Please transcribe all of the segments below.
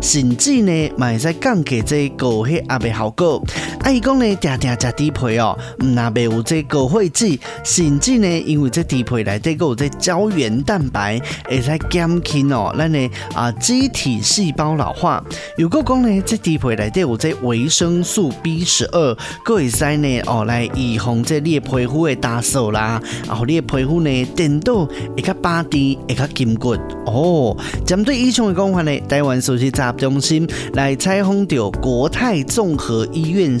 甚至呢，咪使降低咗個血壓嘅效果。阿伊講咧，定定食豬皮哦、喔，唔呐袂有這個高血脂甚至呢，因為這豬皮內底閣有這膠原蛋白，會使減輕哦咱嘞啊機體細胞老化。如果講咧這豬、個、皮內底有這維生素 B 十二，佮會使呢哦來預防這你嘅皮膚會乾燥啦，然、啊、後你嘅皮膚呢，顛倒會較巴低，會較緊骨。哦，針對以上嘅講法呢，台灣首席詐騙中心來採訪到國泰綜合醫院。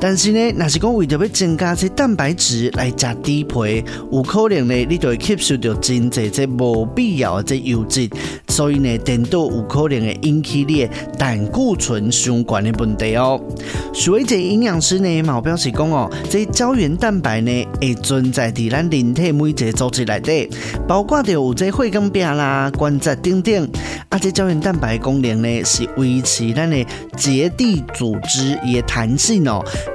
但是呢，若是講為着要增加這蛋白質來食豬皮，有可能呢，你就會吸收到真多這無必要的這油脂，所以呢，顛倒有可能會引起膽固醇相關嘅問題哦。所以，這營養師呢，嘛表示講哦，這膠原蛋白呢，會存在喺咱人體每一個組織內底，包括到有這血管病啦、關節等等。啊，這膠原蛋白功能呢，是維持咱嘅結締組織嘅彈性哦。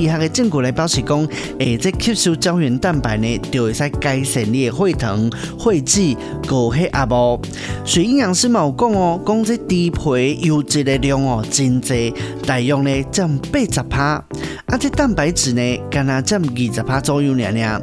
底下嘅證據嚟表示講，誒，即吸收膠原蛋白呢，就會使改善你嘅血糖、血脂、高血壓波。水營養師嘛有講哦，講即豬皮油脂嘅量哦，真濟大約呢占八十趴，啊，即蛋白質呢，敢若占二十趴左右，爾爾。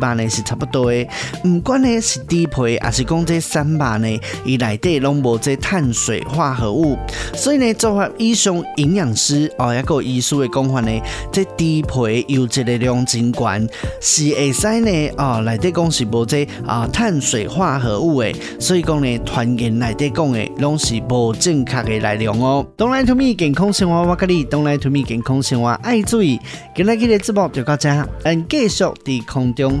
吧呢是差不多的，唔管呢是豬皮，還是講這三把呢，伊內底攏冇這碳水化合物，所以呢做法以上營養師哦一有醫師嘅講法呢，這豬皮有一個量真高，是會使呢哦內底講是冇這啊碳水化合物嘅，所以講呢團圓內底講嘅，攏是冇正確嘅內容哦。Don't Line To Me 健康生活，我跟你哋 Don't Line To Me 健康生活愛注意，今日嘅節目就到這裡，咱繼續喺空中。